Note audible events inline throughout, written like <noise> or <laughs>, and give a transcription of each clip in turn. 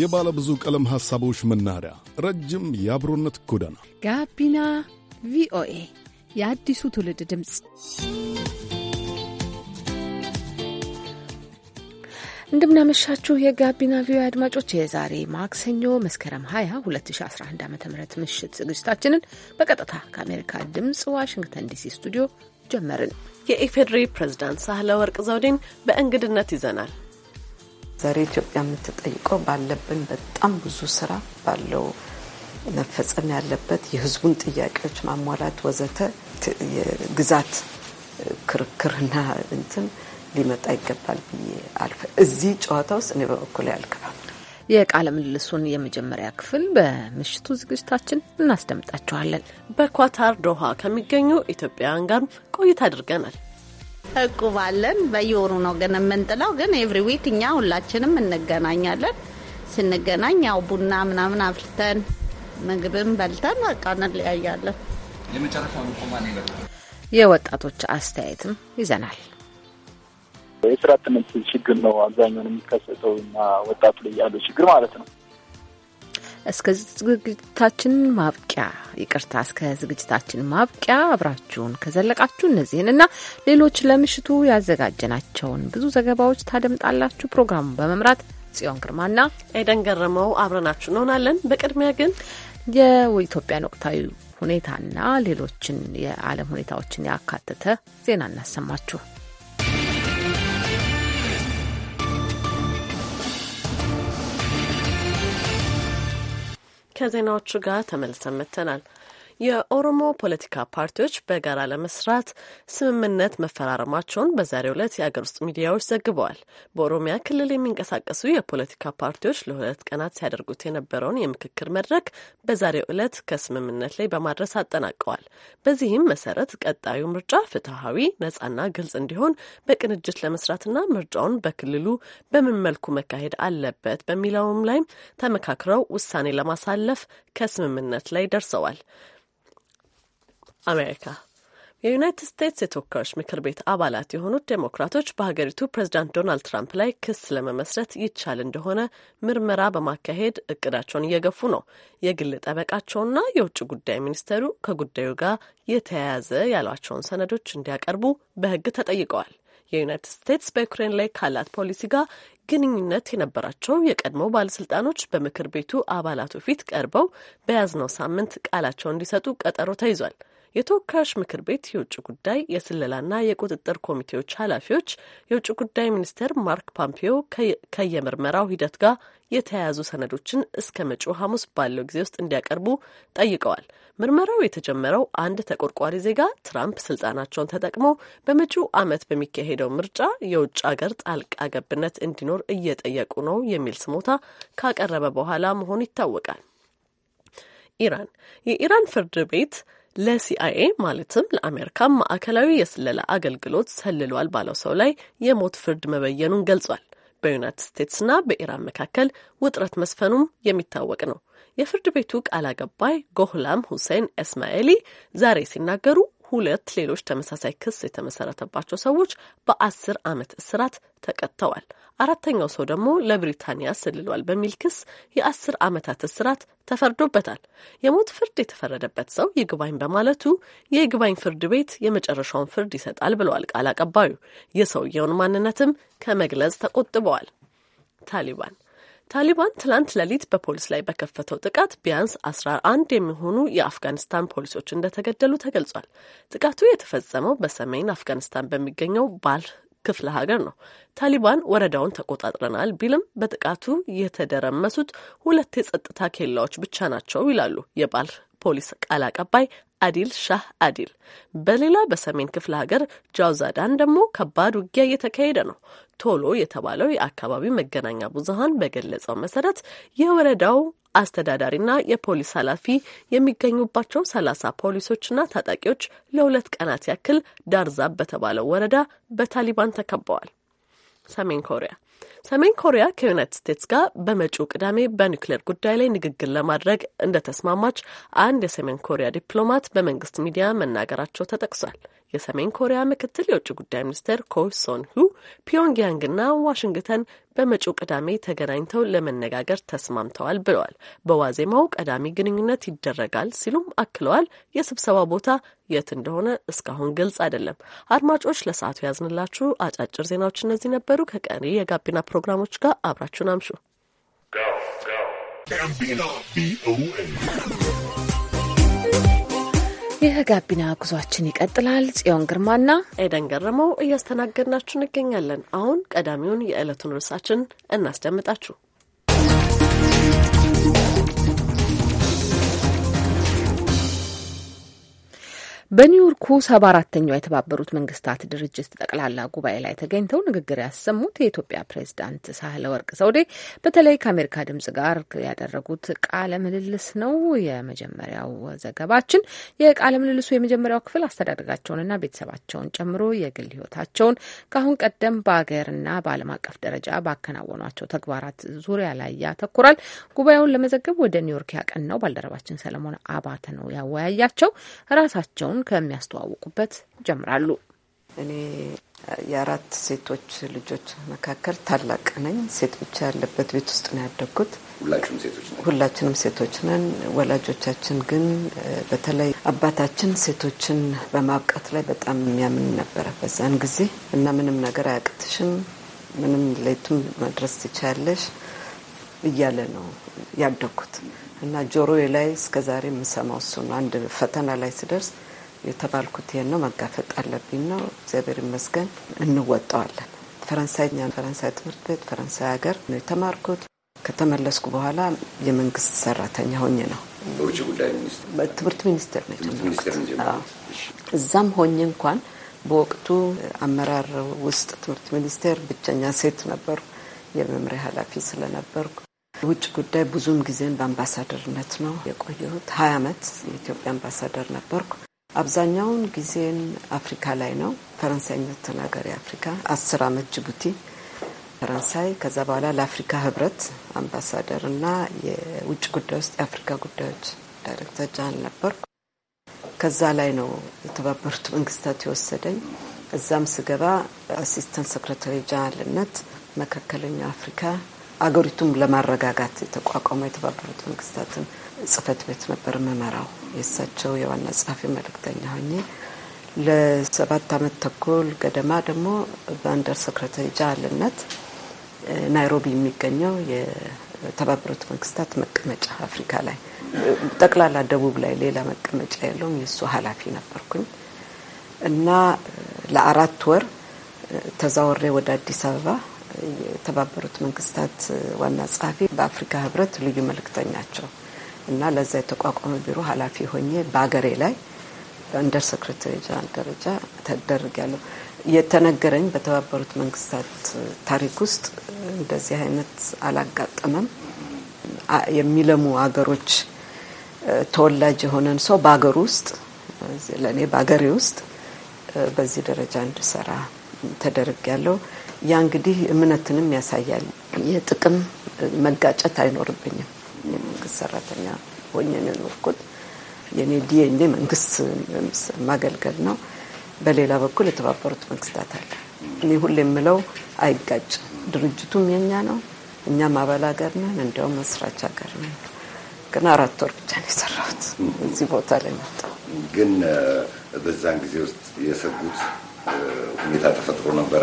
የባለ ብዙ ቀለም ሐሳቦች መናኸሪያ፣ ረጅም የአብሮነት ጎዳና ጋቢና ቪኦኤ የአዲሱ ትውልድ ድምፅ። እንደምናመሻችሁ የጋቢና ቪኦኤ አድማጮች፣ የዛሬ ማክሰኞ መስከረም 20 2011 ዓ ም ምሽት ዝግጅታችንን በቀጥታ ከአሜሪካ ድምፅ ዋሽንግተን ዲሲ ስቱዲዮ ጀመርን። የኢፌዴሪ ፕሬዝዳንት ሳህለ ወርቅ ዘውዴን በእንግድነት ይዘናል። ዛሬ ኢትዮጵያ የምትጠይቀው ባለብን በጣም ብዙ ስራ ባለው መፈጸም ያለበት የህዝቡን ጥያቄዎች ማሟላት ወዘተ የግዛት ክርክርና እንትን ሊመጣ ይገባል ብዬ አልፈ እዚህ ጨዋታ ውስጥ እኔ በበኩል ያልገባል። የቃለ ምልልሱን የመጀመሪያ ክፍል በምሽቱ ዝግጅታችን እናስደምጣችኋለን። በኳታር ዶሃ ከሚገኙ ኢትዮጵያውያን ጋር ቆይታ አድርገናል። እቁባለን በየወሩ ነው ግን የምንጥለው። ግን ኤቭሪ ዊክ እኛ ሁላችንም እንገናኛለን። ስንገናኝ ያው ቡና ምናምን አፍልተን ምግብም በልተን በቃ እንለያያለን። የወጣቶች አስተያየትም ይዘናል። የስራ አጥነት ችግር ነው አብዛኛውን የሚከሰተው እና ወጣቱ ላይ ያለው ችግር ማለት ነው እስከ ዝግጅታችን ማብቂያ ይቅርታ፣ እስከ ዝግጅታችን ማብቂያ አብራችሁን ከዘለቃችሁ እነዚህን እና ሌሎች ለምሽቱ ያዘጋጀናቸውን ብዙ ዘገባዎች ታደምጣላችሁ። ፕሮግራሙን በመምራት ጽዮን ግርማና ኤደን ገረመው አብረናችሁ እንሆናለን። በቅድሚያ ግን የኢትዮጵያን ወቅታዊ ሁኔታና ሌሎችን የዓለም ሁኔታዎችን ያካተተ ዜና እናሰማችሁ። ከዜናዎቹ ጋር ተመልሰን መጥተናል። የኦሮሞ ፖለቲካ ፓርቲዎች በጋራ ለመስራት ስምምነት መፈራረማቸውን በዛሬው ዕለት የአገር ውስጥ ሚዲያዎች ዘግበዋል። በኦሮሚያ ክልል የሚንቀሳቀሱ የፖለቲካ ፓርቲዎች ለሁለት ቀናት ሲያደርጉት የነበረውን የምክክር መድረክ በዛሬው ዕለት ከስምምነት ላይ በማድረስ አጠናቀዋል። በዚህም መሰረት ቀጣዩ ምርጫ ፍትሐዊ፣ ነጻና ግልጽ እንዲሆን በቅንጅት ለመስራትና ምርጫውን በክልሉ በምን መልኩ መካሄድ አለበት በሚለውም ላይም ተመካክረው ውሳኔ ለማሳለፍ ከስምምነት ላይ ደርሰዋል። አሜሪካ የዩናይትድ ስቴትስ የተወካዮች ምክር ቤት አባላት የሆኑት ዴሞክራቶች በሀገሪቱ ፕሬዚዳንት ዶናልድ ትራምፕ ላይ ክስ ለመመስረት ይቻል እንደሆነ ምርመራ በማካሄድ እቅዳቸውን እየገፉ ነው። የግል ጠበቃቸውና የውጭ ጉዳይ ሚኒስቴሩ ከጉዳዩ ጋር የተያያዘ ያሏቸውን ሰነዶች እንዲያቀርቡ በሕግ ተጠይቀዋል። የዩናይትድ ስቴትስ በዩክሬን ላይ ካላት ፖሊሲ ጋር ግንኙነት የነበራቸው የቀድሞ ባለስልጣኖች በምክር ቤቱ አባላቱ ፊት ቀርበው በያዝነው ሳምንት ቃላቸውን እንዲሰጡ ቀጠሮ ተይዟል። የተወካዮች ምክር ቤት የውጭ ጉዳይ የስለላና የቁጥጥር ኮሚቴዎች ኃላፊዎች የውጭ ጉዳይ ሚኒስትር ማርክ ፖምፔዮ ከየምርመራው ሂደት ጋር የተያያዙ ሰነዶችን እስከ መጪው ሐሙስ ባለው ጊዜ ውስጥ እንዲያቀርቡ ጠይቀዋል። ምርመራው የተጀመረው አንድ ተቆርቋሪ ዜጋ ትራምፕ ስልጣናቸውን ተጠቅመው በመጪው ዓመት በሚካሄደው ምርጫ የውጭ አገር ጣልቃ ገብነት እንዲኖር እየጠየቁ ነው የሚል ስሞታ ካቀረበ በኋላ መሆኑ ይታወቃል። ኢራን የኢራን ፍርድ ቤት ለሲአይኤ ማለትም ለአሜሪካ ማዕከላዊ የስለላ አገልግሎት ሰልሏል ባለው ሰው ላይ የሞት ፍርድ መበየኑን ገልጿል። በዩናይትድ ስቴትስና በኢራን መካከል ውጥረት መስፈኑም የሚታወቅ ነው። የፍርድ ቤቱ ቃል አቀባይ ጎህላም ሁሴን እስማኤሊ ዛሬ ሲናገሩ ሁለት ሌሎች ተመሳሳይ ክስ የተመሰረተባቸው ሰዎች በአስር ዓመት እስራት ተቀጥተዋል። አራተኛው ሰው ደግሞ ለብሪታንያ ስልሏል በሚል ክስ የአስር ዓመታት እስራት ተፈርዶበታል። የሞት ፍርድ የተፈረደበት ሰው ይግባኝ በማለቱ የይግባኝ ፍርድ ቤት የመጨረሻውን ፍርድ ይሰጣል ብለዋል ቃል አቀባዩ። የሰውየውን ማንነትም ከመግለጽ ተቆጥበዋል። ታሊባን ታሊባን ትላንት ሌሊት በፖሊስ ላይ በከፈተው ጥቃት ቢያንስ አስራ አንድ የሚሆኑ የአፍጋኒስታን ፖሊሶች እንደተገደሉ ተገልጿል። ጥቃቱ የተፈጸመው በሰሜን አፍጋኒስታን በሚገኘው ባል ክፍለ ሀገር ነው። ታሊባን ወረዳውን ተቆጣጥረናል ቢልም በጥቃቱ የተደረመሱት ሁለት የጸጥታ ኬላዎች ብቻ ናቸው ይላሉ የባል ፖሊስ ቃል አቀባይ አዲል ሻህ አዲል። በሌላ በሰሜን ክፍለ ሀገር ጃውዛዳን ደግሞ ከባድ ውጊያ እየተካሄደ ነው። ቶሎ የተባለው የአካባቢው መገናኛ ብዙሀን በገለጸው መሰረት የወረዳው አስተዳዳሪና የፖሊስ ኃላፊ የሚገኙባቸው ሰላሳ ፖሊሶችና ታጣቂዎች ለሁለት ቀናት ያክል ዳርዛብ በተባለው ወረዳ በታሊባን ተከበዋል። ሰሜን ኮሪያ ሰሜን ኮሪያ ከዩናይትድ ስቴትስ ጋር በመጪው ቅዳሜ በኒውክሌር ጉዳይ ላይ ንግግር ለማድረግ እንደተስማማች አንድ የሰሜን ኮሪያ ዲፕሎማት በመንግስት ሚዲያ መናገራቸው ተጠቅሷል። የሰሜን ኮሪያ ምክትል የውጭ ጉዳይ ሚኒስትር ኮሶን ሁ ፒዮንግያንግና ዋሽንግተን በመጪው ቅዳሜ ተገናኝተው ለመነጋገር ተስማምተዋል ብለዋል። በዋዜማው ቀዳሚ ግንኙነት ይደረጋል ሲሉም አክለዋል። የስብሰባ ቦታ የት እንደሆነ እስካሁን ግልጽ አይደለም። አድማጮች፣ ለሰዓቱ ያዝንላችሁ አጫጭር ዜናዎች እነዚህ ነበሩ። ከቀሪ የጋቢና ፕሮግራሞች ጋር አብራችሁን አምሹ። የጋቢና ጉዟችን ይቀጥላል። ጽዮን ግርማና ኤደን ገረመው እያስተናገድናችሁ እንገኛለን። አሁን ቀዳሚውን የዕለቱን ርዕሳችን እናስደምጣችሁ። በኒውዮርኩ ሰባ አራተኛው የተባበሩት መንግስታት ድርጅት ጠቅላላ ጉባኤ ላይ ተገኝተው ንግግር ያሰሙት የኢትዮጵያ ፕሬዝዳንት ሳህለ ወርቅ ዘውዴ በተለይ ከአሜሪካ ድምጽ ጋር ያደረጉት ቃለ ምልልስ ነው። የመጀመሪያው ዘገባችን የቃለ ምልልሱ የመጀመሪያው ክፍል አስተዳደጋቸውንና ቤተሰባቸውን ጨምሮ የግል ህይወታቸውን ከአሁን ቀደም በሀገርና በዓለም አቀፍ ደረጃ ባከናወኗቸው ተግባራት ዙሪያ ላይ ያተኩራል። ጉባኤውን ለመዘገብ ወደ ኒውዮርክ ያቀናው ባልደረባችን ሰለሞን አባተ ነው ያወያያቸው ራሳቸውን ከሚያስተዋውቁበት ይጀምራሉ። እኔ የአራት ሴቶች ልጆች መካከል ታላቅ ነኝ። ሴት ብቻ ያለበት ቤት ውስጥ ነው ያደግኩት። ሁላችንም ሴቶች ነን። ወላጆቻችን ግን በተለይ አባታችን ሴቶችን በማብቃት ላይ በጣም የሚያምን ነበረ በዛን ጊዜ እና ምንም ነገር አያቅትሽም፣ ምንም ሌቱም መድረስ ትችያለሽ እያለ ነው ያደግኩት እና ጆሮዬ ላይ እስከዛሬ የምሰማው እሱ ነው። አንድ ፈተና ላይ ስደርስ የተባልኩት ይሄን ነው መጋፈጥ አለብኝ ነው። እግዚአብሔር ይመስገን እንወጣዋለን። ፈረንሳይኛ ፈረንሳይ ትምህርት ቤት ፈረንሳይ ሀገር ነው የተማርኩት። ከተመለስኩ በኋላ የመንግስት ሰራተኛ ሆኜ ነው በውጭ ጉዳይ ሚኒስትር ትምህርት ሚኒስቴር ነው የጀመርኩት። እዛም ሆኜ እንኳን በወቅቱ አመራር ውስጥ ትምህርት ሚኒስቴር ብቸኛ ሴት ነበርኩ። የመምሪያ ኃላፊ ስለነበርኩ ውጭ ጉዳይ ብዙም ጊዜን በአምባሳደርነት ነው የቆየሁት። ሀያ አመት የኢትዮጵያ አምባሳደር ነበርኩ። አብዛኛውን ጊዜን አፍሪካ ላይ ነው። ፈረንሳይኛ ተናጋሪ አፍሪካ አስር አመት ጅቡቲ ፈረንሳይ፣ ከዛ በኋላ ለአፍሪካ ህብረት አምባሳደር እና የውጭ ጉዳይ ውስጥ የአፍሪካ ጉዳዮች ዳይሬክተር ጃን ነበርኩ። ከዛ ላይ ነው የተባበሩት መንግስታት የወሰደኝ። እዛም ስገባ አሲስተንት ሴክረታሪ ጀነራልነት መካከለኛው አፍሪካ አገሪቱም ለማረጋጋት የተቋቋመ የተባበሩት መንግስታትን ጽህፈት ቤት ነበር መመራው። የእሳቸው የዋና ጸሐፊ መልእክተኛ ሆኜ ለሰባት ዓመት ተኩል ገደማ ደግሞ በአንደር ሰክረተሪ ጀነራልነት ናይሮቢ የሚገኘው የተባበሩት መንግስታት መቀመጫ አፍሪካ ላይ ጠቅላላ ደቡብ ላይ ሌላ መቀመጫ የለውም የእሱ ኃላፊ ነበርኩኝ እና ለአራት ወር ተዛወሬ ወደ አዲስ አበባ የተባበሩት መንግስታት ዋና ጸሐፊ በአፍሪካ ህብረት ልዩ መልእክተኛቸው እና ለዛ የተቋቋመ ቢሮ ኃላፊ ሆኜ በሀገሬ ላይ በእንደር ሴክሬታሪ ጀነራል ደረጃ ያለው የተነገረኝ በተባበሩት መንግስታት ታሪክ ውስጥ እንደዚህ አይነት አላጋጠመም። የሚለሙ ሀገሮች ተወላጅ የሆነን ሰው በሀገሩ ውስጥ ለእኔ በሀገሬ ውስጥ በዚህ ደረጃ እንድሰራ ያለው ያ እንግዲህ እምነትንም ያሳያል። የጥቅም መጋጨት አይኖርብኝም። የመንግስት ሰራተኛ ሆኜ ነው የኖርኩት። የኔ ዲኤንኤ መንግስት ማገልገል ነው። በሌላ በኩል የተባበሩት መንግስታት አለ። እኔ ሁሌ የምለው አይጋጭ። ድርጅቱም የኛ ነው፣ እኛም አባል ሀገር ነን፣ እንዲያውም መስራች ሀገር ነን። ግን አራት ወር ብቻ ነው የሰራሁት እዚህ ቦታ ላይ መጣሁ። ግን በዛን ጊዜ ውስጥ የሰጉት ሁኔታ ተፈጥሮ ነበረ፣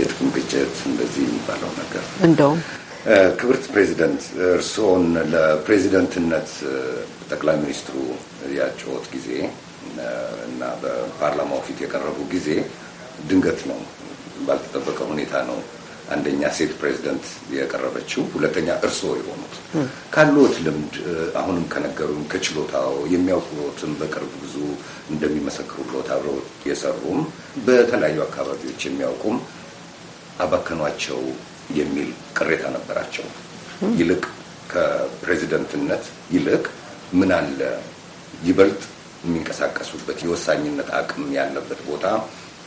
የጥቅም ግጭት እንደዚህ የሚባለው ነገር እንደውም ክብርት ፕሬዚደንት እርስዎን ለፕሬዚደንትነት ጠቅላይ ሚኒስትሩ ያጨወት ጊዜ እና በፓርላማው ፊት የቀረቡ ጊዜ ድንገት ነው፣ ባልተጠበቀ ሁኔታ ነው። አንደኛ ሴት ፕሬዚደንት የቀረበችው፣ ሁለተኛ እርስዎ የሆኑት ካሉት ልምድ አሁንም ከነገሩ ከችሎታው የሚያውቁትም በቅርብ ብዙ እንደሚመሰክሩሎት አብረው የሰሩም በተለያዩ አካባቢዎች የሚያውቁም አባከኗቸው የሚል ቅሬታ ነበራቸው። ይልቅ ከፕሬዚደንትነት ይልቅ ምን አለ ይበልጥ የሚንቀሳቀሱበት የወሳኝነት አቅም ያለበት ቦታ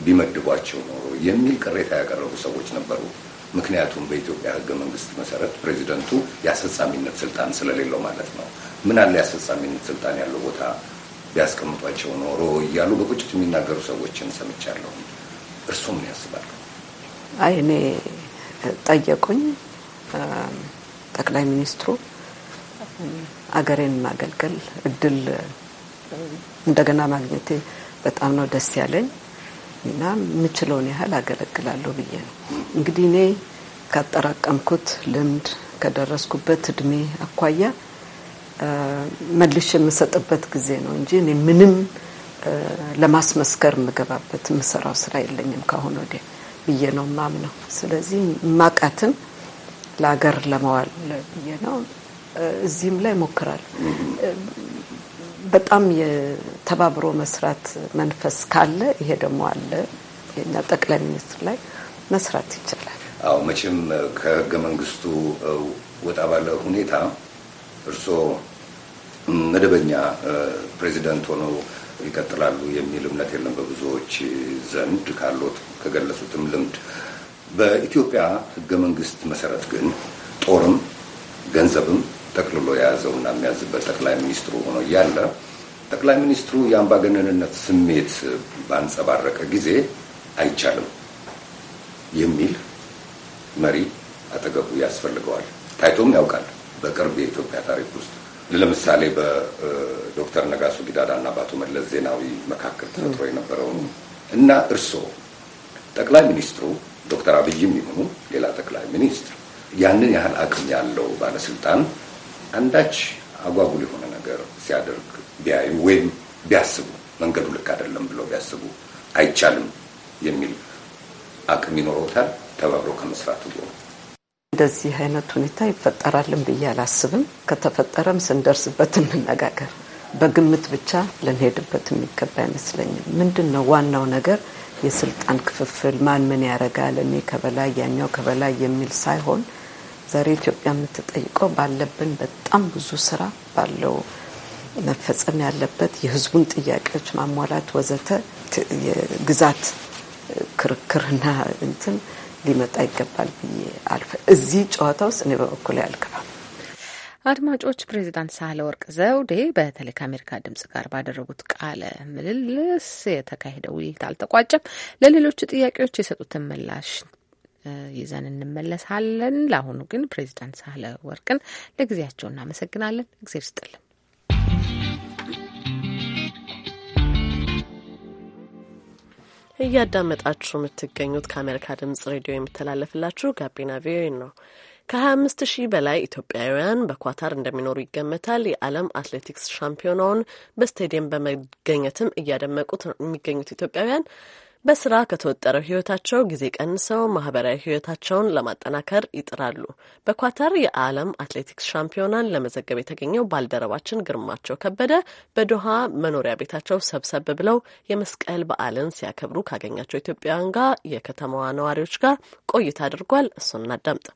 ቢመድቧቸው ኖሮ የሚል ቅሬታ ያቀረቡ ሰዎች ነበሩ። ምክንያቱም በኢትዮጵያ ሕገ መንግስት መሰረት ፕሬዚደንቱ የአስፈጻሚነት ስልጣን ስለሌለው ማለት ነው። ምን አለ የአስፈጻሚነት ስልጣን ያለው ቦታ ቢያስቀምጧቸው ኖሮ እያሉ በቁጭት የሚናገሩ ሰዎችን ሰምቻለሁ። እርስዎ ምን ያስባሉ? አይ እኔ ጠየቁኝ። ጠቅላይ ሚኒስትሩ አገሬን ማገልገል እድል እንደገና ማግኘቴ በጣም ነው ደስ ያለኝ እና የምችለውን ያህል አገለግላለሁ ብዬ ነው። እንግዲህ እኔ ካጠራቀምኩት ልምድ ከደረስኩበት እድሜ አኳያ መልሽ የምሰጥበት ጊዜ ነው እንጂ እኔ ምንም ለማስመስከር የምገባበት የምሰራው ስራ የለኝም ከአሁን ወዲያ። ብዬ ነው የማምነው። ስለዚህ ማቃትን ለሀገር ለመዋል ብዬ ነው። እዚህም ላይ ሞክራል። በጣም የተባብሮ መስራት መንፈስ ካለ ይሄ ደግሞ አለ። የኛ ጠቅላይ ሚኒስትር ላይ መስራት ይቻላል። አዎ መቼም ከህገ መንግስቱ ወጣ ባለ ሁኔታ እርስዎ መደበኛ ፕሬዚደንት ሆነው ይቀጥላሉ የሚል እምነት የለም በብዙዎች ዘንድ ካሉት ከገለጹትም ልምድ። በኢትዮጵያ ህገ መንግስት መሰረት ግን ጦርም ገንዘብም ጠቅልሎ የያዘውና የሚያዝበት ጠቅላይ ሚኒስትሩ ሆኖ እያለ ጠቅላይ ሚኒስትሩ የአምባገነንነት ስሜት ባንጸባረቀ ጊዜ አይቻልም የሚል መሪ አጠገቡ ያስፈልገዋል። ታይቶም ያውቃል በቅርብ የኢትዮጵያ ታሪክ ውስጥ ለምሳሌ በዶክተር ነጋሶ ጊዳዳ እና በአቶ መለስ ዜናዊ መካከል ተፈጥሮ የነበረውን እና እርስዎ ጠቅላይ ሚኒስትሩ ዶክተር አብይም ይሁኑ ሌላ ጠቅላይ ሚኒስትር ያንን ያህል አቅም ያለው ባለስልጣን አንዳች አጓጉል የሆነ ነገር ሲያደርግ ቢያዩ ወይም ቢያስቡ መንገዱ ልክ አይደለም ብለው ቢያስቡ አይቻልም የሚል አቅም ይኖረውታል። ተባብሮ ከመስራት ጎን እንደዚህ አይነት ሁኔታ ይፈጠራልን ብዬ አላስብም። ከተፈጠረም ስንደርስበት እንነጋገር። በግምት ብቻ ልንሄድበት የሚገባ አይመስለኝም። ምንድን ነው ዋናው ነገር የስልጣን ክፍፍል ማን ምን ያደርጋል፣ እኔ ከበላይ ያኛው ከበላይ የሚል ሳይሆን ዛሬ ኢትዮጵያ የምትጠይቀው ባለብን በጣም ብዙ ስራ ባለው መፈጸም ያለበት የህዝቡን ጥያቄዎች ማሟላት ወዘተ የግዛት ክርክርና እንትን ሊመጣ ይገባል ብዬ አልፈ እዚህ ጨዋታ ውስጥ እኔ በበኩል አልገባም። አድማጮች፣ ፕሬዚዳንት ሳህለ ወርቅ ዘውዴ በተለይ ከአሜሪካ ድምጽ ጋር ባደረጉት ቃለ ምልልስ የተካሄደው ውይይት አልተቋጨም። ለሌሎቹ ጥያቄዎች የሰጡትን ምላሽ ይዘን እንመለሳለን። ለአሁኑ ግን ፕሬዚዳንት ሳህለ ወርቅን ለጊዜያቸው እናመሰግናለን። እግዜር ይስጥልን። እያዳመጣችሁ የምትገኙት ከአሜሪካ ድምጽ ሬዲዮ የሚተላለፍላችሁ ጋቢና ቪኦኤ ነው። ከ25 ሺህ በላይ ኢትዮጵያውያን በኳታር እንደሚኖሩ ይገመታል። የዓለም አትሌቲክስ ሻምፒዮናውን በስቴዲየም በመገኘትም እያደመቁት የሚገኙት ኢትዮጵያውያን በስራ ከተወጠረው ህይወታቸው ጊዜ ቀንሰው ማህበራዊ ህይወታቸውን ለማጠናከር ይጥራሉ። በኳታር የዓለም አትሌቲክስ ሻምፒዮናን ለመዘገብ የተገኘው ባልደረባችን ግርማቸው ከበደ በዶሃ መኖሪያ ቤታቸው ሰብሰብ ብለው የመስቀል በዓልን ሲያከብሩ ካገኛቸው ኢትዮጵያውያን ጋር የከተማዋ ነዋሪዎች ጋር ቆይታ አድርጓል። እሱን እናዳምጥ።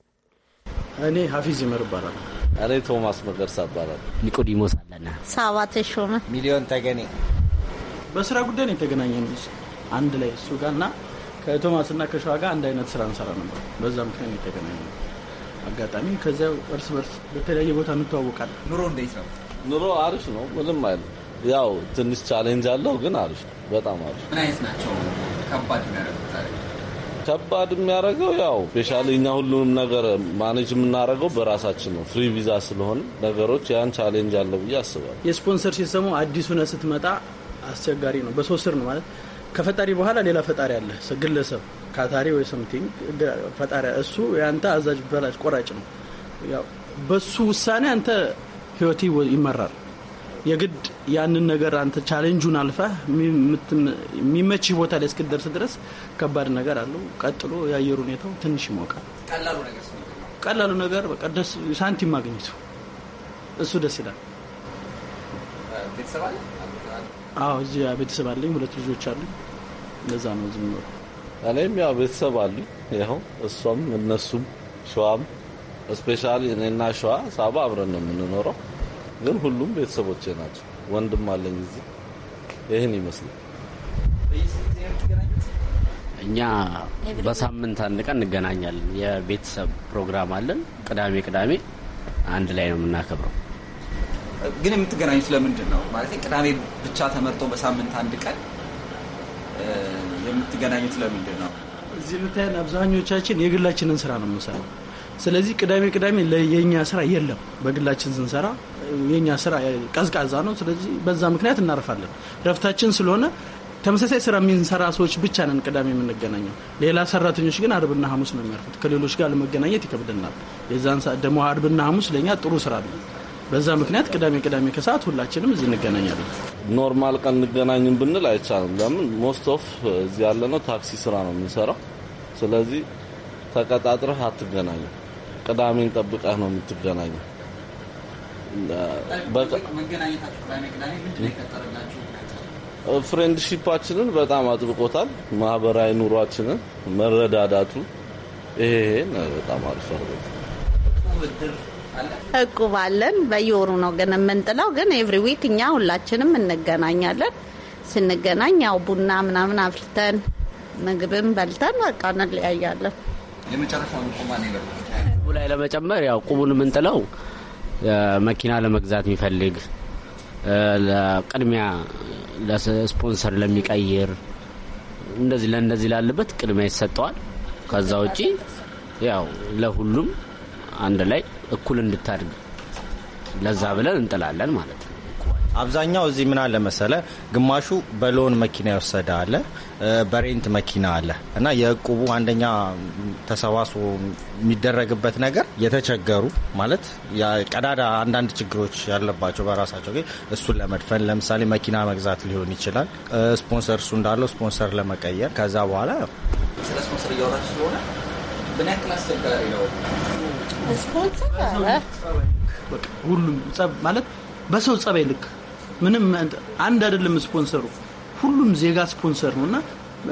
እኔ ሀፊዝ ይመር ይባላል። እኔ ቶማስ መገርሳ ይባላል። ኒቆዲሞስ አለና ሳባ ተሾመ፣ ሚሊዮን ተገኔ በስራ ጉዳይ ነው የተገናኘነው። አንድ ላይ እሱ ጋር እና ከቶማስ እና ከሸዋ ጋር አንድ አይነት ስራ እንሰራ ነበር። በዛ ምክንያት የተገናኘ አጋጣሚ ከዚያ እርስ በርስ በተለያየ ቦታ እንተዋወቃለን። ኑሮ እንዴት ነው? ኑሮ አሪፍ ነው። ምንም አይ ያው ትንሽ ቻሌንጅ አለው ግን አሪፍ ነው። በጣም አሪፍ። ምን አይነት ናቸው ከባድ የሚያደርጉት? ከባድ የሚያደርገው ያው ስፔሻሊ እኛ ሁሉንም ነገር ማኔጅ የምናደርገው በራሳችን ነው። ፍሪ ቪዛ ስለሆነ ነገሮች ያን ቻሌንጅ አለው ብዬ አስባለሁ። የስፖንሰር ሲስተሙ አዲሱ ሁነህ ስትመጣ አስቸጋሪ ነው። በሶስት ስር ነው ማለት ከፈጣሪ በኋላ ሌላ ፈጣሪ አለ። ግለሰብ ካታሪ ወይ ሰምቲንግ ፈጣሪ እሱ የአንተ አዛዥ በላጭ ቆራጭ ነው። በሱ ውሳኔ አንተ ህይወት ይመራል። የግድ ያንን ነገር አንተ ቻሌንጁን አልፈ የሚመች ቦታ ላይ እስክደርስ ድረስ ከባድ ነገር አለው። ቀጥሎ የአየር ሁኔታው ትንሽ ይሞቃል። ቀላሉ ነገር በቃ ደስ ሳንቲም ማግኘቱ እሱ ደስ ይላል። አዎ እዚህ ቤተሰብ አለኝ፣ ሁለት ልጆች አሉ። እንደዛ ነው ዝም እኔም ያው ቤተሰብ አሉ፣ ይኸው እሷም እነሱም ሸዋም፣ ስፔሻሊ እኔና ሸዋ ሳባ አብረን ነው የምንኖረው። ግን ሁሉም ቤተሰቦቼ ናቸው። ወንድም አለኝ እዚህ። ይህን ይመስላል። እኛ በሳምንት አንድ ቀን እንገናኛለን። የቤተሰብ ፕሮግራም አለን። ቅዳሜ ቅዳሜ አንድ ላይ ነው የምናከብረው። ግን የምትገናኙት ለምንድን ነው ማለት ቅዳሜ ብቻ ተመርጦ በሳምንት አንድ ቀን የምትገናኙት ለምንድን ነው? እዚህ የምታየን አብዛኞቻችን የግላችንን ስራ ነው የምንሰራው። ስለዚህ ቅዳሜ ቅዳሜ የእኛ ስራ የለም። በግላችን ስንሰራ የእኛ ስራ ቀዝቃዛ ነው። ስለዚህ በዛ ምክንያት እናርፋለን። ረፍታችን ስለሆነ ተመሳሳይ ስራ የሚንሰራ ሰዎች ብቻ ነን ቅዳሜ የምንገናኘው። ሌላ ሰራተኞች ግን አርብና ሐሙስ ነው የሚያርፉት። ከሌሎች ጋር ለመገናኘት ይከብደናል። የዛን ሰዓት ደግሞ አርብና ሐሙስ ለእኛ ጥሩ ስራ ነው። በዛ ምክንያት ቅዳሜ ቅዳሜ ከሰዓት ሁላችንም እዚህ እንገናኛለን። ኖርማል ቀን እንገናኝም ብንል አይቻልም። ለምን ሞስት ኦፍ uh, እዚህ ያለ ነው ታክሲ ስራ ነው የምንሰራው። ስለዚህ ተቀጣጥረህ አትገናኝም። ቅዳሜን ጠብቀህ ነው የምትገናኘው። ፍሬንድሺፓችንን uh, በጣም አጥብቆታል። ማህበራዊ ኑሯችንን፣ መረዳዳቱ ይሄ በጣም አሪፍ አድርጎታል። እቁብ አለን። በየወሩ ነው ግን የምንጥለው። ግን ኤቭሪ ዊክ እኛ ሁላችንም እንገናኛለን። ስንገናኝ ያው ቡና ምናምን አፍልተን ምግብም በልተን በቃ እንለያያለን። የመጨረሻ ላይ ለመጨመር ያው ቁቡን የምንጥለው መኪና ለመግዛት የሚፈልግ ቅድሚያ ለስፖንሰር ለሚቀይር እንደዚህ ለእንደዚህ ላለበት ቅድሚያ ይሰጠዋል። ከዛ ውጪ ያው ለሁሉም አንድ ላይ እኩል እንድታድግ ለዛ ብለን እንጥላለን ማለት ነው። አብዛኛው እዚህ ምን አለ መሰለ፣ ግማሹ በሎን መኪና የወሰደ አለ፣ በሬንት መኪና አለ እና የእቁቡ አንደኛ ተሰባስቦ የሚደረግበት ነገር የተቸገሩ ማለት ቀዳዳ አንዳንድ ችግሮች ያለባቸው በራሳቸው ግን እሱን ለመድፈን ለምሳሌ መኪና መግዛት ሊሆን ይችላል። ስፖንሰር እሱ እንዳለው ስፖንሰር ለመቀየር ከዛ በኋላ ስለ ስፖንሰር እያወራችሁ ስለሆነ ምን ያክል አስቸጋሪ ነው ሁሉም ማለት በሰው ጸባይ ልክ ምንም አንድ አይደለም። ስፖንሰሩ ሁሉም ዜጋ ስፖንሰር ነው እና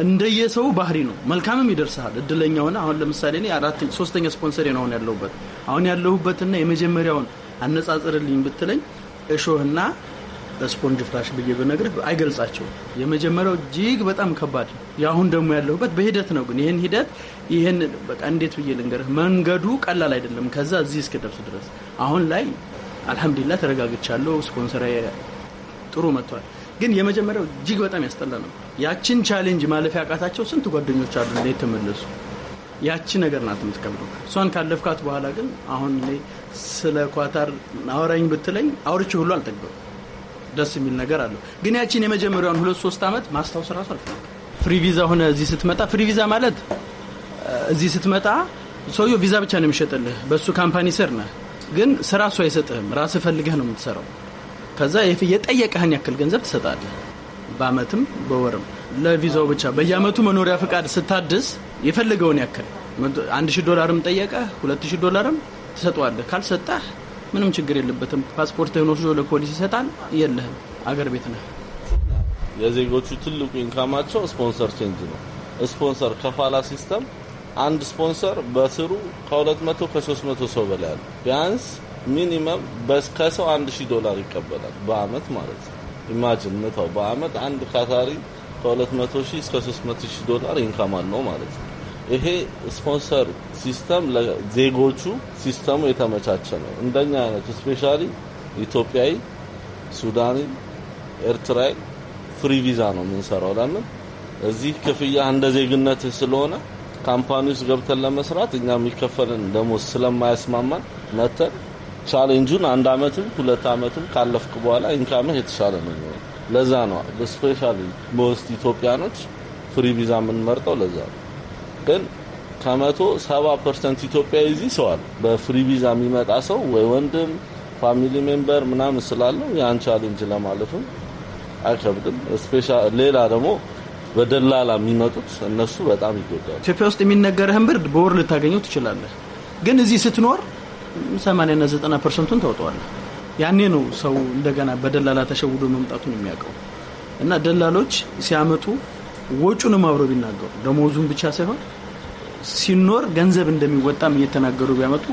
እንደየሰው ባህሪ ነው። መልካምም ይደርሰሃል። እድለኛ ሆነ። አሁን ለምሳሌ እኔ አራት ሶስተኛ ስፖንሰር ነው አሁን ያለሁበት አሁን ያለሁበትና የመጀመሪያውን አነጻጽርልኝ ብትለኝ እሾህና በስፖንጅ ፍራሽ ብዬ ብነግርህ አይገልጻቸውም። የመጀመሪያው እጅግ በጣም ከባድ ነው። የአሁን ደግሞ ያለሁበት በሂደት ነው። ግን ይህን ሂደት ይህን በቃ እንዴት ብዬ ልንገርህ፣ መንገዱ ቀላል አይደለም። ከዛ እዚህ እስክደርስ ድረስ አሁን ላይ አልሐምዱላ ተረጋግቻለሁ። ስፖንሰር ጥሩ መጥቷል። ግን የመጀመሪያው እጅግ በጣም ያስጠላ ነው። ያችን ቻሌንጅ ማለፍ ያቃታቸው ስንት ጓደኞች አሉ የተመለሱ ያቺ ነገር ናት የምትከብደው። እሷን ካለፍካት በኋላ ግን አሁን ስለ ኳታር አወራኝ ብትለኝ አውርቼ ሁሉ አልጠግበም። ደስ የሚል ነገር አለው። ግን ያቺን የመጀመሪያውን ሁለት ሶስት ዓመት ማስታወስ ራሱ አልፈ ፍሪ ቪዛ ሆነ እዚህ ስትመጣ ፍሪ ቪዛ ማለት እዚህ ስትመጣ ሰውየው ቪዛ ብቻ ነው የሚሸጥልህ። በእሱ ካምፓኒ ስር ነህ፣ ግን ስራ እሱ አይሰጥህም። ራስ ፈልገህ ነው የምትሰራው። ከዛ የጠየቀህን ያክል ገንዘብ ትሰጣለህ፣ በአመትም በወርም ለቪዛው ብቻ። በየአመቱ መኖሪያ ፈቃድ ስታድስ የፈለገውን ያክል አንድ ሺህ ዶላርም ጠየቀህ ሁለት ሺህ ዶላርም ትሰጠዋለህ። ካልሰጠህ ምንም ችግር የለበትም። ፓስፖርትህን ወስዶ ለፖሊስ ይሰጣል። የለህም፣ አገር ቤት ነህ። የዜጎቹ ትልቁ ኢንካማቸው ስፖንሰር ቼንጅ ነው። ስፖንሰር ከፋላ ሲስተም አንድ ስፖንሰር በስሩ ከ200 ከ300 ሰው በላይ አለ። ቢያንስ ሚኒመም ከሰው 1000 ዶላር ይቀበላል በአመት ማለት ነው። ኢማጅን ምተው በአመት አንድ ካታሪ ከ200 እስከ 300 ዶላር ኢንካም አለው ማለት ነው። ይሄ ስፖንሰር ሲስተም ለዜጎቹ ሲስተሙ የተመቻቸ ነው። እንደኛ አይነት ስፔሻሊ ኢትዮጵያዊ፣ ሱዳኒ፣ ኤርትራዊ ፍሪ ቪዛ ነው የምንሰራው። ለምን እዚህ ክፍያ እንደ ዜግነት ስለሆነ ካምፓኒ ውስጥ ገብተን ለመስራት እኛ የሚከፈልን ደሞዝ ስለማያስማማን መተን ቻሌንጁን አንድ አመትም ሁለት አመትም ካለፍክ በኋላ ኢንካምህ የተሻለ ነው ለዛ ነው ስፔሻሊ ሞስት ኢትዮጵያኖች ፍሪ ቪዛ የምንመርጠው ለዛ ነው። ግን ከመቶ ሰባ ፐርሰንት ኢትዮጵያ ይዚህ ሰዋል በፍሪ ቪዛ የሚመጣ ሰው ወይ ወንድም ፋሚሊ ሜምበር ምናምን ስላለው ያን ቻሌንጅ ለማለፍም አይከብድም። ሌላ ደግሞ በደላላ የሚመጡት እነሱ በጣም ይጎዳሉ። ኢትዮጵያ ውስጥ የሚነገርህን ብር በወር ልታገኘው ትችላለህ፣ ግን እዚህ ስትኖር 80ና 90 ፐርሰንቱን ታውጠዋለህ። ያኔ ነው ሰው እንደገና በደላላ ተሸውዶ መምጣቱን የሚያውቀው እና ደላሎች ሲያመጡ ወጩንም አብረው ቢናገሩ ደሞዙን ብቻ ሳይሆን ሲኖር ገንዘብ እንደሚወጣም እየተናገሩ ቢያመጡ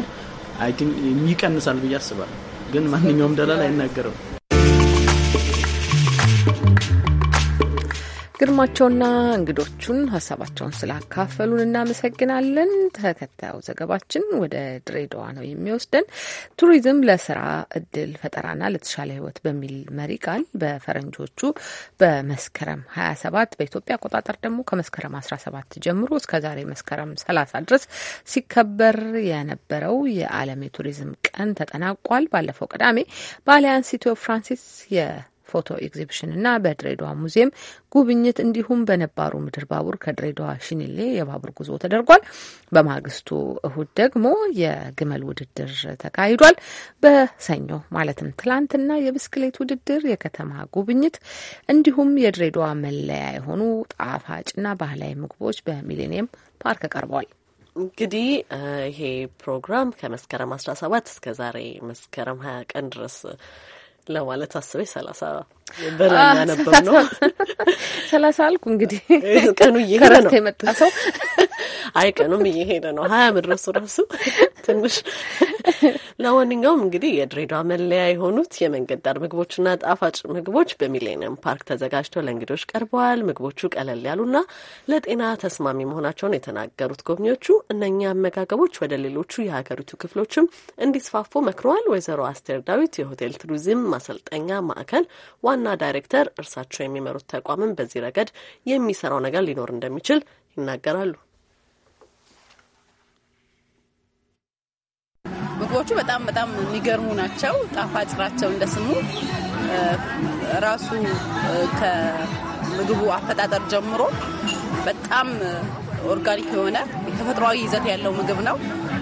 አይ ቲንክ ይቀንሳል ብዬ አስባለሁ። ግን ማንኛውም ደላል አይናገርም። ግርማቸውና እንግዶቹን ሀሳባቸውን ስላካፈሉን እናመሰግናለን። ተከታዩ ዘገባችን ወደ ድሬዳዋ ነው የሚወስደን። ቱሪዝም ለስራ እድል ፈጠራና ለተሻለ ህይወት በሚል መሪ ቃል በፈረንጆቹ በመስከረም 27 በኢትዮጵያ አቆጣጠር ደግሞ ከመስከረም 17 ጀምሮ እስከ ዛሬ መስከረም 30 ድረስ ሲከበር የነበረው የዓለም የቱሪዝም ቀን ተጠናቋል። ባለፈው ቅዳሜ በአሊያንስ ኢትዮ ፍራንሲስ ፎቶ ኤግዚቢሽን ና በድሬዳዋ ሙዚየም ጉብኝት እንዲሁም በነባሩ ምድር ባቡር ከድሬዳዋ ሽኒሌ የባቡር ጉዞ ተደርጓል። በማግስቱ እሁድ ደግሞ የግመል ውድድር ተካሂዷል። በሰኞ ማለትም ትላንትና የብስክሌት ውድድር፣ የከተማ ጉብኝት እንዲሁም የድሬዳዋ መለያ የሆኑ ጣፋጭና ባህላዊ ምግቦች በሚሌኒየም ፓርክ ቀርበዋል። እንግዲህ ይሄ ፕሮግራም ከመስከረም አስራ ሰባት እስከ ዛሬ መስከረም ሀያ ቀን ድረስ ለማለት አስበ ሰላሳ በላይ ነበር ነው ሰላሳ አልኩ። እንግዲህ <laughs> ቀኑ እየሄደ ነው። የመጣ ሰው አይ ቀኑም እየሄደ ነው። ሀያ መድረሱ ራሱ ትንሽ <laughs> ለማንኛውም እንግዲህ የድሬዳዋ መለያ የሆኑት የመንገድ ዳር ምግቦችና ጣፋጭ ምግቦች በሚሌኒየም ፓርክ ተዘጋጅተው ለእንግዶች ቀርበዋል። ምግቦቹ ቀለል ያሉና ለጤና ተስማሚ መሆናቸውን የተናገሩት ጎብኚዎቹ እነኛ አመጋገቦች ወደ ሌሎቹ የሀገሪቱ ክፍሎችም እንዲስፋፉ መክረዋል። ወይዘሮ አስቴር ዳዊት የሆቴል ቱሪዝም ማሰልጠኛ ማዕከል ዋና ዳይሬክተር እርሳቸው የሚመሩት ተቋምም በዚህ ረገድ የሚሰራው ነገር ሊኖር እንደሚችል ይናገራሉ። ምግቦቹ በጣም በጣም የሚገርሙ ናቸው። ጣፋጭ ናቸው። እንደ ስሙ ራሱ ከምግቡ አፈጣጠር ጀምሮ በጣም ኦርጋኒክ የሆነ ተፈጥሯዊ ይዘት ያለው ምግብ ነው።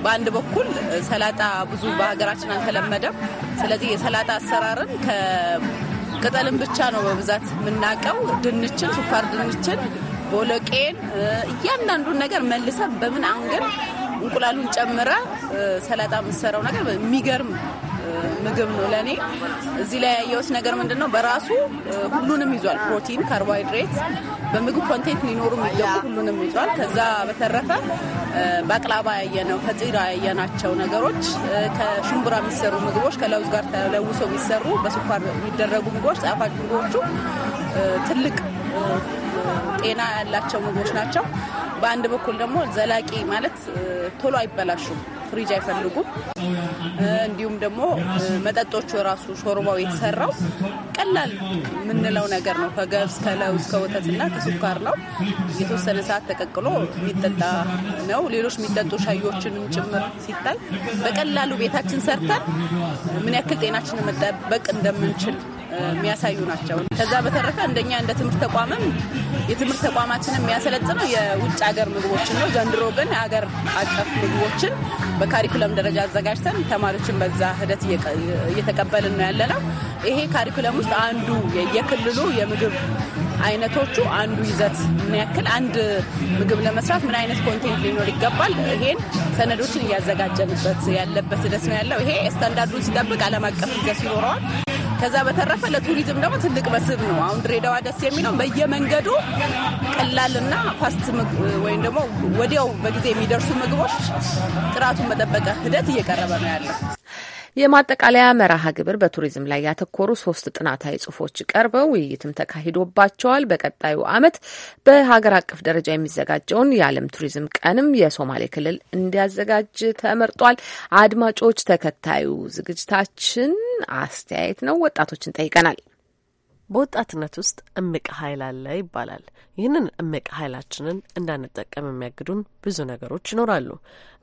በአንድ በኩል ሰላጣ ብዙ በሀገራችን አልተለመደም። ስለዚህ የሰላጣ አሰራርን ከቅጠልን ብቻ ነው በብዛት የምናውቀው። ድንችን፣ ስኳር ድንችን፣ ቦሎቄን እያንዳንዱን ነገር መልሰን በምን አንግል እንቁላሉን ጨምረ ሰላጣ የምትሰራው ነገር የሚገርም ምግብ ነው። ለእኔ እዚህ ላይ ያየሁት ነገር ምንድን ነው፣ በራሱ ሁሉንም ይዟል። ፕሮቲን፣ ካርቦሃይድሬት በምግብ ኮንቴንት ሊኖሩ የሚገቡ ሁሉንም ይዟል። ከዛ በተረፈ በቅላባ ያየነው ከጢራ ያየናቸው ነገሮች፣ ከሽምቡራ የሚሰሩ ምግቦች፣ ከለውዝ ጋር ተለውሶ የሚሰሩ በስኳር የሚደረጉ ምግቦች፣ ጣፋጭ ምግቦቹ ትልቅ ጤና ያላቸው ምግቦች ናቸው። በአንድ በኩል ደግሞ ዘላቂ ማለት ቶሎ አይበላሹም፣ ፍሪጅ አይፈልጉም። እንዲሁም ደግሞ መጠጦቹ ራሱ ሾርባው የተሰራው ቀላል የምንለው ነገር ነው። ከገብስ ከለውዝ ከወተትና ከሱካር ነው። የተወሰነ ሰዓት ተቀቅሎ የሚጠጣ ነው። ሌሎች የሚጠጡ ሻዮችንም ጭምር ሲታይ በቀላሉ ቤታችን ሰርተን ምን ያክል ጤናችንን መጠበቅ እንደምንችል የሚያሳዩ ናቸው። ከዛ በተረፈ እንደኛ እንደ ትምህርት ተቋምም የትምህርት ተቋማችን የሚያሰለጥነው የውጭ ሀገር ምግቦችን ነው። ዘንድሮ ግን ሀገር አቀፍ ምግቦችን በካሪኩለም ደረጃ አዘጋጅተን ተማሪዎችን በዛ ሂደት እየተቀበልን ነው ያለነው። ይሄ ካሪኩለም ውስጥ አንዱ የክልሉ የምግብ አይነቶቹ አንዱ ይዘት ምን ያክል አንድ ምግብ ለመስራት ምን አይነት ኮንቴንት ሊኖር ይገባል፣ ይሄን ሰነዶችን እያዘጋጀንበት ያለበት ሂደት ነው ያለው። ይሄ ስታንዳርዱን ሲጠብቅ ዓለም አቀፍ ይዘት ይኖረዋል። ከዛ በተረፈ ለቱሪዝም ደግሞ ትልቅ መስህብ ነው። አሁን ድሬዳዋ ደስ የሚለው በየመንገዱ ቀላልና ፋስት ወይም ደግሞ ወዲያው በጊዜ የሚደርሱ ምግቦች ጥራቱን በጠበቀ ሂደት እየቀረበ ነው ያለው። የማጠቃለያ መርሃ ግብር በቱሪዝም ላይ ያተኮሩ ሶስት ጥናታዊ ጽሁፎች ቀርበው ውይይትም ተካሂዶባቸዋል። በቀጣዩ አመት በሀገር አቀፍ ደረጃ የሚዘጋጀውን የዓለም ቱሪዝም ቀንም የሶማሌ ክልል እንዲያዘጋጅ ተመርጧል። አድማጮች፣ ተከታዩ ዝግጅታችን አስተያየት ነው። ወጣቶችን ጠይቀናል። በወጣትነት ውስጥ እምቅ ኃይል አለ ይባላል። ይህንን እምቅ ኃይላችንን እንዳንጠቀም የሚያግዱን ብዙ ነገሮች ይኖራሉ።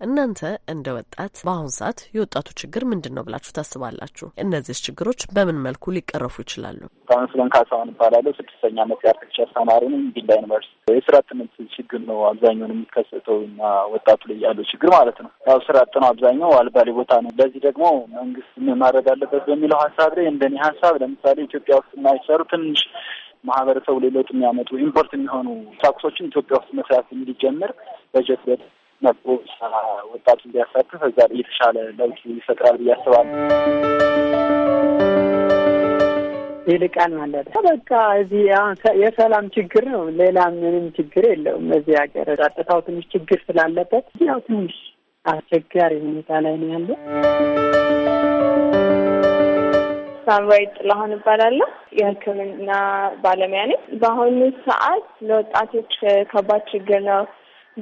እናንተ እንደ ወጣት በአሁኑ ሰዓት የወጣቱ ችግር ምንድን ነው ብላችሁ ታስባላችሁ? እነዚህ ችግሮች በምን መልኩ ሊቀረፉ ይችላሉ? ካውንስለን ካሳሁን እባላለሁ። ስድስተኛ ዓመት የአርክቴክቸር ተማሪ ነኝ። ቢላ ዩኒቨርሲቲ። የስራ አጥነት ችግር ነው አብዛኛውን የሚከሰተው እና ወጣቱ ላይ ያለው ችግር ማለት ነው። ያው ስራ አጥ ነው አብዛኛው አልባሌ ቦታ ነው። ለዚህ ደግሞ መንግስት ምን ማድረግ አለበት በሚለው ሀሳብ ላይ እንደኔ ሀሳብ ለምሳሌ ኢትዮጵያ ውስጥ የሚሰሩ ትንሽ ማህበረሰቡ ሌሎት የሚያመጡ ኢምፖርት የሚሆኑ ቁሳቁሶችን ኢትዮጵያ ውስጥ መስራት እንዲጀምር በጀት በ መጥቦ ወጣቱ እንዲያሳትፍ እዛ ላይ የተሻለ ለውጥ ይፈጥራል ብዬ አስባለሁ። ይልቃል ማለት ነው። በቃ እዚህ የሰላም ችግር ነው። ሌላ ምንም ችግር የለውም። እዚህ ሀገር ጸጥታው ትንሽ ችግር ስላለበት ያው ትንሽ አስቸጋሪ ሁኔታ ላይ ነው ያለው። ሳምራይ ጥላሁን እባላለሁ። የሕክምና ባለሙያ ነኝ። በአሁኑ ሰዓት ለወጣቶች ከባድ ችግር ነው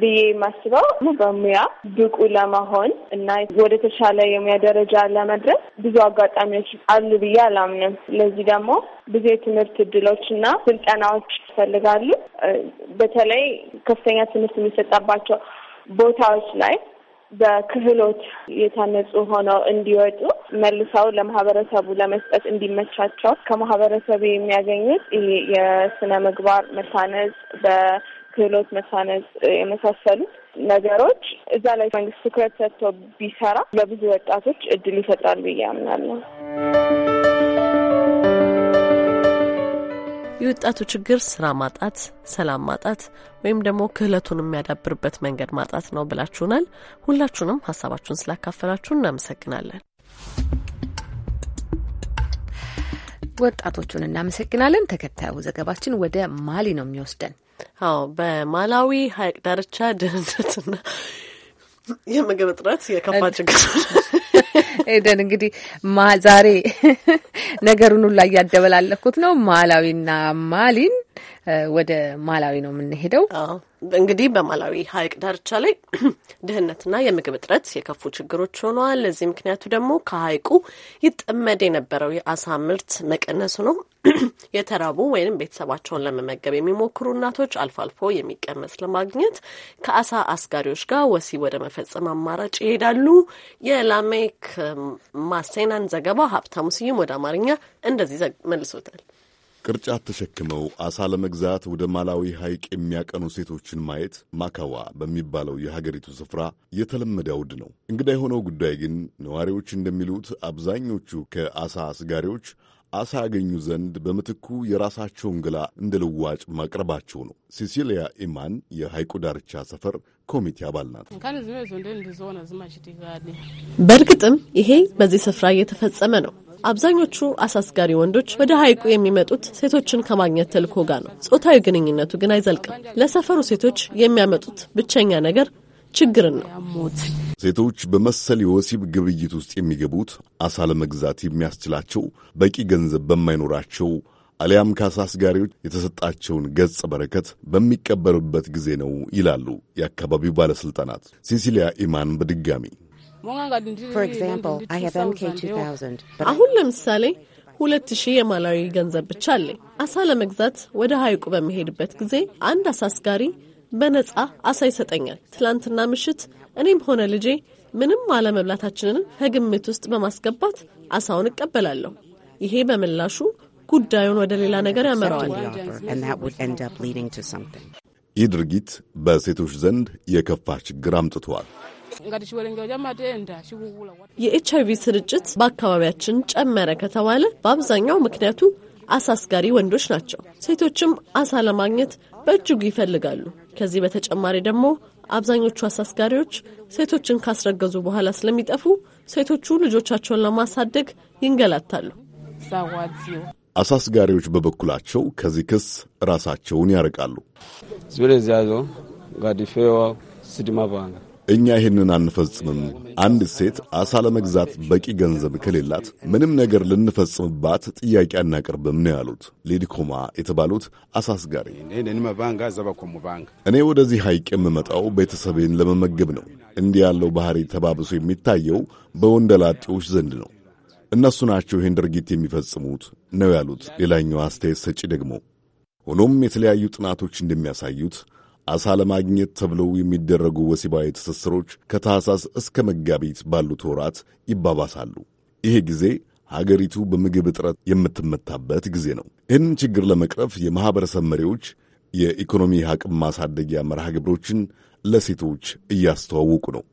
ብዬ የማስበው በሙያ ብቁ ለመሆን እና ወደ ተሻለ የሙያ ደረጃ ለመድረስ ብዙ አጋጣሚዎች አሉ ብዬ አላምንም። ለዚህ ደግሞ ብዙ የትምህርት እድሎች እና ስልጠናዎች ይፈልጋሉ። በተለይ ከፍተኛ ትምህርት የሚሰጣባቸው ቦታዎች ላይ በክህሎት የታነጹ ሆነው እንዲወጡ መልሰው ለማህበረሰቡ ለመስጠት እንዲመቻቸው ከማህበረሰቡ የሚያገኙት ይሄ የስነ ምግባር መታነጽ በክህሎት መታነጽ የመሳሰሉት ነገሮች እዛ ላይ መንግስት ትኩረት ሰጥቶ ቢሰራ ለብዙ ወጣቶች እድል ይፈጥራል ብዬ አምናለሁ። የወጣቱ ችግር ስራ ማጣት፣ ሰላም ማጣት ወይም ደግሞ ክህለቱን የሚያዳብርበት መንገድ ማጣት ነው ብላችሁናል። ሁላችሁንም ሀሳባችሁን ስላካፈላችሁ እናመሰግናለን። ወጣቶቹን እናመሰግናለን። ተከታዩ ዘገባችን ወደ ማሊ ነው የሚወስደን። አዎ በማላዊ ሀይቅ ዳርቻ ድህነትና የምግብ እጥረት የከፋ ችግር ኤደን እንግዲህ ዛሬ ነገሩን ሁላ እያደበላለኩት ነው። ማላዊና ማሊን ወደ ማላዊ ነው የምንሄደው። እንግዲህ በማላዊ ሀይቅ ዳርቻ ላይ <clears throat> ድህነትና የምግብ እጥረት የከፉ ችግሮች ሆነዋል። ለዚህ ምክንያቱ ደግሞ ከሀይቁ ይጠመድ የነበረው የአሳ ምርት መቀነሱ ነው። <clears throat> የተራቡ ወይም ቤተሰባቸውን ለመመገብ የሚሞክሩ እናቶች አልፎ አልፎ የሚቀመስ ለማግኘት ከአሳ አስጋሪዎች ጋር ወሲብ ወደ መፈጸም አማራጭ ይሄዳሉ። የላሜክ ማሴናን ዘገባ ሀብታሙ ስዩም ወደ አማርኛ እንደዚህ መልሶታል። ቅርጫት ተሸክመው አሳ ለመግዛት ወደ ማላዊ ሐይቅ የሚያቀኑ ሴቶችን ማየት ማካዋ በሚባለው የሀገሪቱ ስፍራ የተለመደ አውድ ነው። እንግዳ የሆነው ጉዳይ ግን ነዋሪዎች እንደሚሉት አብዛኞቹ ከአሳ አስጋሪዎች አሳ ያገኙ ዘንድ በምትኩ የራሳቸውን ገላ እንደ ልዋጭ ማቅረባቸው ነው። ሲሲሊያ ኢማን የሐይቁ ዳርቻ ሰፈር ኮሚቴ አባል ናት። በእርግጥም ይሄ በዚህ ስፍራ እየተፈጸመ ነው። አብዛኞቹ አሳስጋሪ ወንዶች ወደ ሐይቁ የሚመጡት ሴቶችን ከማግኘት ተልእኮ ጋር ነው። ጾታዊ ግንኙነቱ ግን አይዘልቅም። ለሰፈሩ ሴቶች የሚያመጡት ብቸኛ ነገር ችግርን ነው። ሴቶች በመሰል የወሲብ ግብይት ውስጥ የሚገቡት አሳ ለመግዛት የሚያስችላቸው በቂ ገንዘብ በማይኖራቸው አሊያም ከአሳስጋሪዎች የተሰጣቸውን ገጸ በረከት በሚቀበሉበት ጊዜ ነው ይላሉ የአካባቢው ባለሥልጣናት። ሲሲሊያ ኢማን በድጋሚ አሁን ለምሳሌ ሁለት ሺህ የማላዊ ገንዘብ ብቻ አለኝ። አሳ ለመግዛት ወደ ሐይቁ በመሄድበት ጊዜ አንድ አሳ አስጋሪ በነጻ አሳ ይሰጠኛል። ትላንትና ምሽት እኔም ሆነ ልጄ ምንም አለመብላታችንን ከግምት ውስጥ በማስገባት አሳውን እቀበላለሁ። ይሄ በምላሹ ጉዳዩን ወደ ሌላ ነገር ያመራዋል። ይህ ድርጊት በሴቶች ዘንድ የከፋ ችግር አምጥተዋል። የኤች አይቪ ስርጭት በአካባቢያችን ጨመረ ከተባለ በአብዛኛው ምክንያቱ አሳ አስጋሪ ወንዶች ናቸው። ሴቶችም አሳ ለማግኘት በእጅጉ ይፈልጋሉ። ከዚህ በተጨማሪ ደግሞ አብዛኞቹ አሳ አስጋሪዎች ሴቶችን ካስረገዙ በኋላ ስለሚጠፉ ሴቶቹ ልጆቻቸውን ለማሳደግ ይንገላታሉ። አሳ አስጋሪዎች በበኩላቸው ከዚህ ክስ ራሳቸውን ያርቃሉ። እኛ ይህንን አንፈጽምም። አንዲት ሴት አሳ ለመግዛት በቂ ገንዘብ ከሌላት ምንም ነገር ልንፈጽምባት ጥያቄ አናቀርብም ነው ያሉት ሊድኮማ የተባሉት አሳ አስጋሪ። እኔ ወደዚህ ሐይቅ የምመጣው ቤተሰቤን ለመመገብ ነው። እንዲህ ያለው ባህሪ ተባብሶ የሚታየው በወንደላጤዎች ዘንድ ነው። እነሱ ናቸው ይህን ድርጊት የሚፈጽሙት ነው ያሉት ሌላኛው አስተያየት ሰጪ ደግሞ ሆኖም የተለያዩ ጥናቶች እንደሚያሳዩት አሳ ለማግኘት ተብለው የሚደረጉ ወሲባዊ ትስስሮች ከታህሳስ እስከ መጋቢት ባሉት ወራት ይባባሳሉ። ይሄ ጊዜ ሀገሪቱ በምግብ እጥረት የምትመታበት ጊዜ ነው። ይህንን ችግር ለመቅረፍ የማኅበረሰብ መሪዎች የኢኮኖሚ አቅም ማሳደጊያ መርሃ ግብሮችን ለሴቶች እያስተዋወቁ ነው።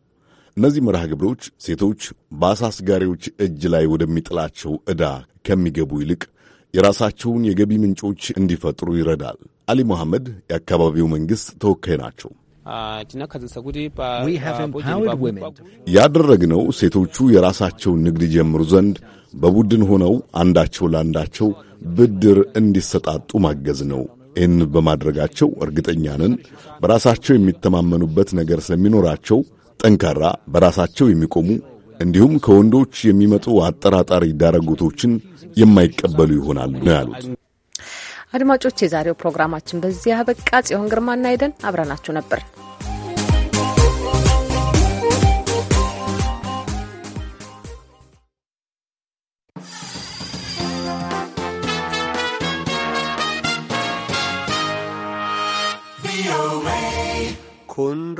እነዚህ መርሃ ግብሮች ሴቶች በአሳ አስጋሪዎች እጅ ላይ ወደሚጥላቸው ዕዳ ከሚገቡ ይልቅ የራሳቸውን የገቢ ምንጮች እንዲፈጥሩ ይረዳል። አሊ መሐመድ የአካባቢው መንግሥት ተወካይ ናቸው። ያደረግነው ሴቶቹ የራሳቸውን ንግድ ጀምሩ ዘንድ በቡድን ሆነው አንዳቸው ለአንዳቸው ብድር እንዲሰጣጡ ማገዝ ነው። ይህን በማድረጋቸው እርግጠኛ ነን በራሳቸው የሚተማመኑበት ነገር ስለሚኖራቸው ጠንካራ፣ በራሳቸው የሚቆሙ እንዲሁም ከወንዶች የሚመጡ አጠራጣሪ ዳረጎቶችን የማይቀበሉ ይሆናሉ ነው ያሉት። አድማጮች፣ የዛሬው ፕሮግራማችን በዚህ ያበቃ። ጽዮን ግርማ ሄደን አብረናችሁ ነበር። Kun